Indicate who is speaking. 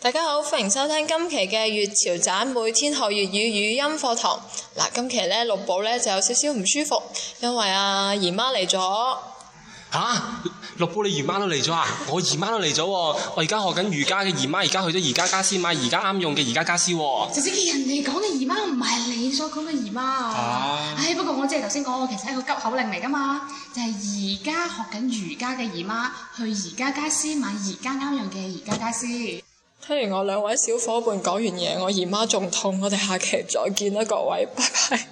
Speaker 1: 大家好，歡迎收聽今期嘅粵潮展，每天學粵語語音課堂。嗱，今期咧六寶咧就有少少唔舒服，因為阿、
Speaker 2: 啊、姨媽嚟咗。
Speaker 3: 吓、啊，六寶你姨媽都嚟咗啊？我姨媽都嚟咗，我而家學緊瑜伽嘅姨媽，而家去咗宜家家私買而家啱用嘅宜家家私。就算人
Speaker 4: 哋講嘅姨媽唔係你所講嘅姨媽啊。我即係頭先講，我其實係一個急口令嚟噶嘛，就係而家學緊瑜伽嘅姨媽，去而家家私買而家啱用嘅而家家私。
Speaker 5: 聽完我兩位小伙伴講完嘢，我姨媽仲痛，我哋下期再見啦，各位，拜拜。